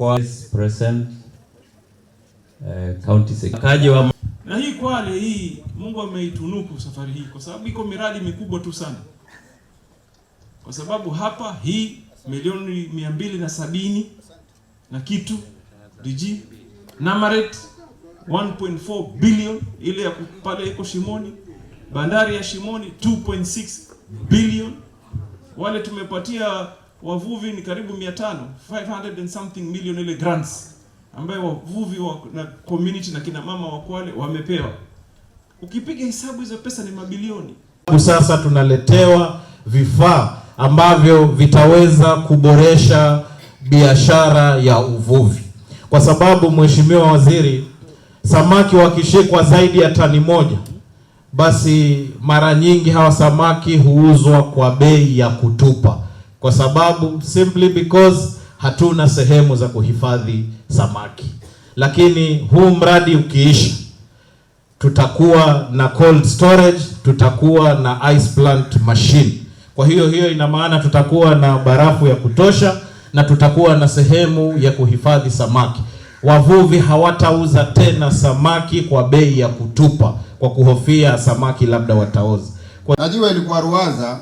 Eh, na hii Kwale hii Mungu ameitunuku safari hii, kwa sababu iko miradi mikubwa tu sana, kwa sababu hapa hii milioni mia mbili na sabini na kitu DG Namaret 1.4 billion, ile ya pale iko Shimoni, bandari ya Shimoni 2.6 billion, wale tumepatia wavuvi ni karibu 500 500 and something million ile grants ambayo wavuvi wa, na community na kina mama wa Kwale wamepewa. Ukipiga hesabu hizo pesa ni mabilioni. Sasa tunaletewa vifaa ambavyo vitaweza kuboresha biashara ya uvuvi, kwa sababu Mheshimiwa Waziri, samaki wakishikwa zaidi ya tani moja, basi mara nyingi hawa samaki huuzwa kwa bei ya kutupa kwa sababu simply because hatuna sehemu za kuhifadhi samaki, lakini huu mradi ukiisha, tutakuwa na cold storage, tutakuwa na ice plant machine. Kwa hiyo hiyo ina maana tutakuwa na barafu ya kutosha na tutakuwa na sehemu ya kuhifadhi samaki. Wavuvi hawatauza tena samaki kwa bei ya kutupa, kwa kuhofia samaki labda wataoza kwa... najua ilikuwa ruwaza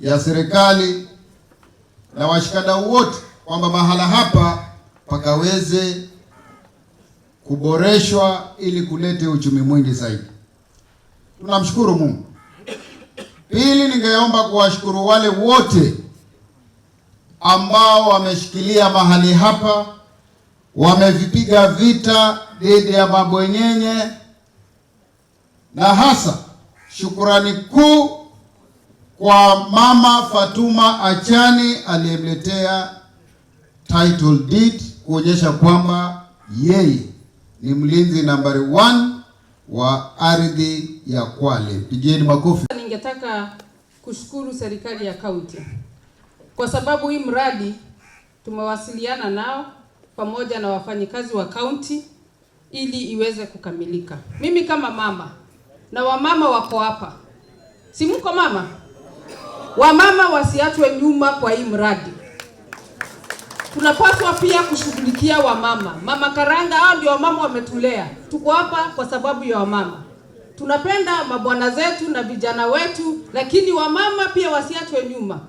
ya serikali na washikadau wote kwamba mahala hapa pakaweze kuboreshwa ili kulete uchumi mwingi zaidi. Tunamshukuru Mungu. Pili, ningeomba kuwashukuru wale wote ambao wameshikilia mahali hapa, wamevipiga vita dhidi ya mabwenyenye, na hasa shukurani kuu kwa mama Fatuma Achani aliyemletea title deed kuonyesha kwamba yeye ni mlinzi nambari 1 wa ardhi ya Kwale. Pigieni makofi. Ningetaka kushukuru serikali ya kaunti kwa sababu hii mradi tumewasiliana nao pamoja na wafanyikazi wa kaunti ili iweze kukamilika. Mimi kama mama na wamama wako hapa, si mko mama Wamama wasiachwe nyuma kwa hii mradi. Tunapaswa pia kushughulikia wamama. Mama Karanga, hao ndio wamama wametulea. Tuko hapa kwa sababu ya wamama. Tunapenda mabwana zetu na vijana wetu, lakini wamama pia wasiachwe nyuma.